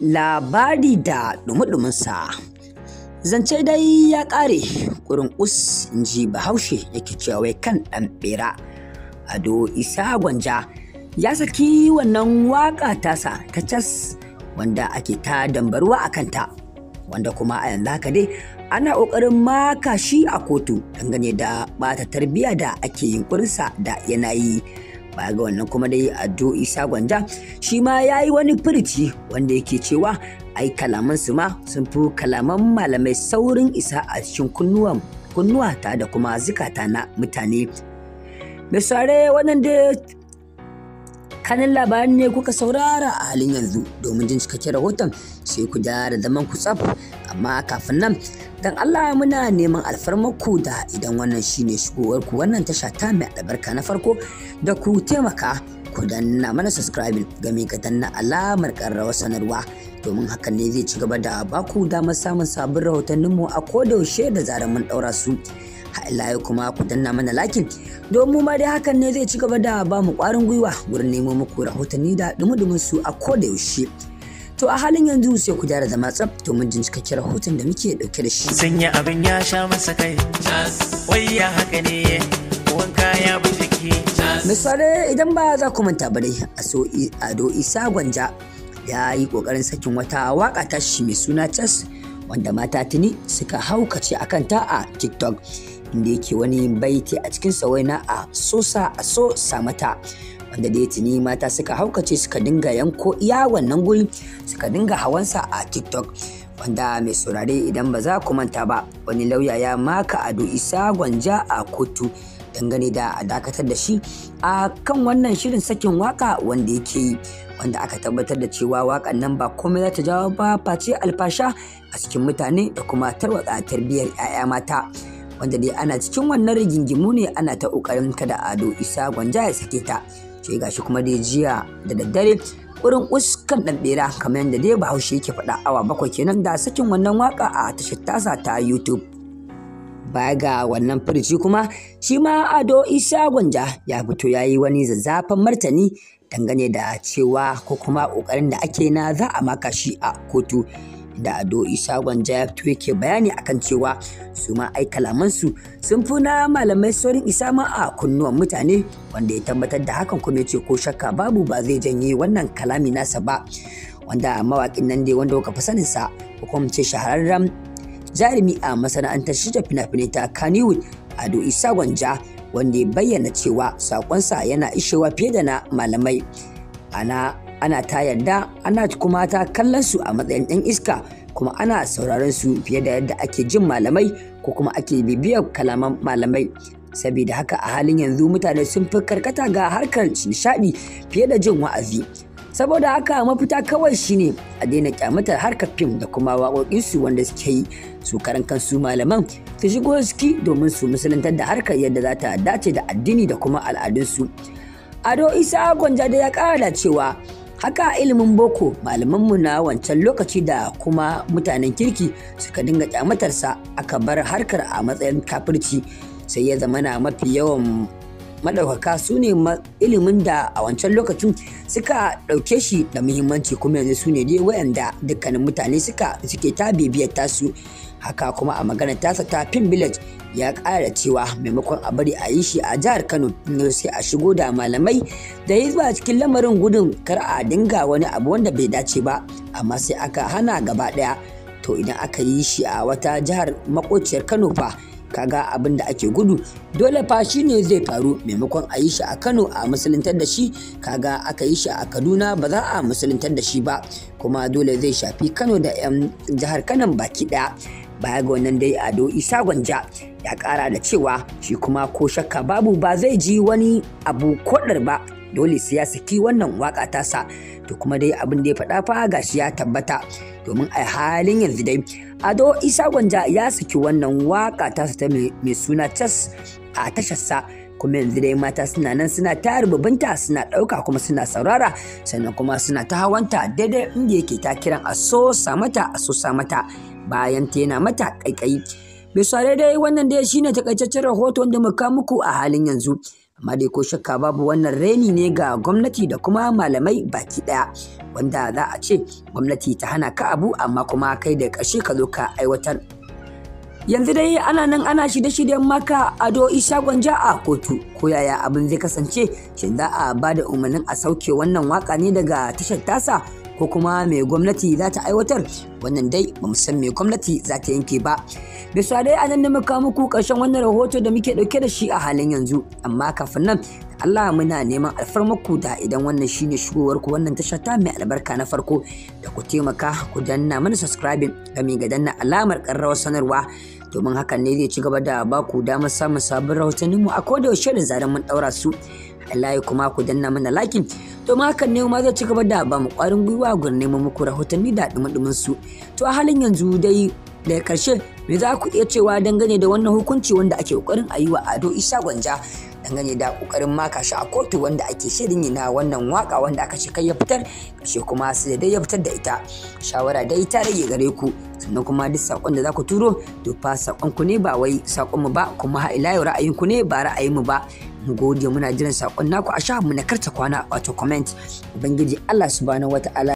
labari da dumudumunsa zance dai ya ƙare ƙurin us in ji bahaushe yake cewa kan ɗan ɓera ado isa gwanja ya saki wannan waƙa tasa ta cas wanda ake ta dambarwa a kanta wanda kuma a yanzu haka dai ana ƙoƙarin maka shi a kotu dangane da ɓata tarbiyya da ake yin ƙurinsa da yanayi baya ga wannan kuma dai addo isa gwanja shi ma ya yi wani firici wanda yake cewa ai kalamansu ma sun fi kalaman malamai saurin isa a cikin kunnuwan kunnuwata da kuma zukata na mutane mai sare wannan da kanin labarin ne kuka saurara a halin yanzu domin jin cikakken rahoton sai ku da zaman ku tsaf amma kafin nan dan Allah muna neman ku da idan wannan shine shigowarku ku wannan tasha ta mai albarka na farko da ku taimaka ku danna mana subscribing game ga danna alamar karrawa sanarwa domin hakan ne zai ci gaba da baku damar samun sabbin rahotanninmu a kodayaushe da zarar mun daura su layo kuma ku danna mana lakin domin ma dai hakan ne zai ci gaba da ba mu kwarin gwiwa wurin neman muku rahotanni da dumudumin su a koda yaushe To a halin yanzu sai ku gyara zama tsaf domin jin cikakken rahoton da muke dauke da shi. Sanya abin ya sha masa kai. Wai ya haka ne wanka ya bi jiki. Misali idan ba za ku manta ba dai Ado Isa Gwanja ya yi kokarin sakin wata waka ta shi mai suna Chas wanda mata tuni suka haukace akan ta a TikTok. inda yake wani baiti a cikin sawaina a so a so samata. mata wanda da tuni mata suka haukace suka dinga yanko iya wannan guri suka dinga hawansa a tiktok wanda mai saurare idan ba za ku manta ba wani lauya ya maka ado isa gwanja a kotu dangane da a dakatar da shi a kan wannan shirin sakin waka wanda yake yi wanda aka tabbatar da cewa wakan nan ba komai za ta jawo ba face alfasha a cikin mutane da kuma tarwatsa tarbiyyar 'ya'ya mata wanda dai ana cikin wannan rigingimu ne ana ta ƙoƙarin kada ado isa gwanja ya sake ta sai gashi kuma dai jiya da daddare wurin uskan dan bera kamar yadda dai bahaushe yake faɗa awa bakwai kenan da sakin wannan waka a tashar tasa ta youtube baya ga wannan firici kuma shi ma ado isa gwanja ya fito ya yi wani zazzafan martani dangane da cewa ko kuma ƙoƙarin da ake na za a maka shi a kotu da ado isa gwanja ya fito yake bayani akan cewa su ma ai kalamansu sun fi malamai saurin isa ma a kunnuwan mutane wanda ya tabbatar da hakan kuma ya ce ko shakka babu ba zai janye wannan kalami nasa ba wanda mawaƙin nan dai wanda kuka fi saninsa ko kuma ce shahararren jarumi a masana'antar shirya fina-finai ta Kannywood Ado Isa Gwanja wanda ya bayyana cewa sakonsa yana ishewa fiye da na malamai. Ana ana ta yarda ana kuma ta kallon su a matsayin ɗan iska kuma ana sauraron su fiye da yadda ake jin malamai ko kuma ake bibiyar kalaman malamai saboda haka a halin yanzu mutane sun fi karkata ga harkar nishaɗi fiye da jin wa'azi saboda haka mafita kawai shine a daina kyamatar harkar fim da kuma waƙoƙinsu wanda suke yi su karan kansu malaman su shigo suki domin su musulantar da harkar yadda za ta dace da addini da kuma al'adunsu ado isa gwanja da ya kara da cewa haka ilimin boko malamanmu na wancan lokaci da kuma mutanen kirki suka dinga kyamatarsa aka bar harkar a matsayin kafirci sai ya zama na mafi yawan maɗaukaka su ne ilimin da a wancan lokacin suka ɗauke shi da muhimmanci kuma yanzu su ne dai wayanda dukkanin mutane suke ta bibiyar tasu haka kuma a maganar tasa ta pin village ya ƙara cewa maimakon a bari a yi shi a jihar kano sai a shigo da malamai da hizba cikin lamarin gudun kar a dinga wani abu wanda bai dace ba amma sai aka hana gaba ɗaya to idan aka yi shi a wata jihar makociyar kano fa kaga abin da ake gudu dole fa shi ne zai faru maimakon a yi shi a kano a musuluntar da shi kaga aka yi shi a kaduna ba za a musuluntar da shi ba kuma dole zai shafi kano da 'yan jihar kano baki ɗaya baya ga wannan dai ado isa gwanja ya kara da cewa shi kuma ko shakka babu ba zai ji wani abu kodar ba dole sai ya saki wannan waka tasa to kuma dai abin da ya faɗa fa gashi ya tabbata domin a halin yanzu dai ado isa gwanja ya saki wannan waka tasa ta mai suna tas a tasharsa kuma yanzu dai mata suna nan suna ta rububinta suna ɗauka kuma suna saurara sannan kuma suna ta hawanta daidai inda yake ta kiran a so mata a so mata bayan ta yana mata ƙaiƙayi misali dai wannan dai shine takaitaccen rahoto wanda muka muku a halin yanzu amma dai ko shakka babu wannan reni ne ga gwamnati da kuma malamai baki daya wanda za a ce gwamnati ta hana ka abu amma kuma kai da ƙarshe ka zo ka aiwatar yanzu dai ana nan ana shirye-shiryen maka ado isa gwanja a kotu ko yaya abin zai kasance shin za a bada umarnin a sauke wannan waka ne daga tashar tasa ko kuma mai gwamnati za ta aiwatar wannan dai ba mu san mai gwamnati za ta yanke ba bisa dai anan ne muka muku karshen wannan rahoto da muke dauke da shi a halin yanzu amma kafin nan Allah muna neman alfarmaku da idan wannan shine shigowar ku wannan tasha ta mai albarka na farko da ku taimaka ku danna mana subscribing gami ga danna alamar karrawar sanarwa domin hakan ne zai ci gaba da ba ku damar samun sabbin rahotanninmu a kodayaushe da zaran mun daura su Allah ya kuma ku danna mana lakin ma hakan ne ma zai ci gaba da ba mu kwarin gwiwa gurin neman muku rahotanni da dumin su to a halin yanzu dai daga karshe me za ku iya cewa dangane da wannan hukunci wanda ake kokarin a yi wa ado isa gwanja dangane da kokarin maka shi a kotu wanda ake shirin yi na wannan waka wanda aka ce kai ya fitar kashe kuma su dai ya fitar da ita shawara dai ta rage gare ku sannan kuma duk sakon da za ku turo to fa sakon ku ne ba wai sakon mu ba kuma ha ila ra'ayin ku ne ba ra'ayin mu ba gode muna jiran sakon naku a shafinmu na karta kwana wato comment ubangiji Allah subhanahu wataala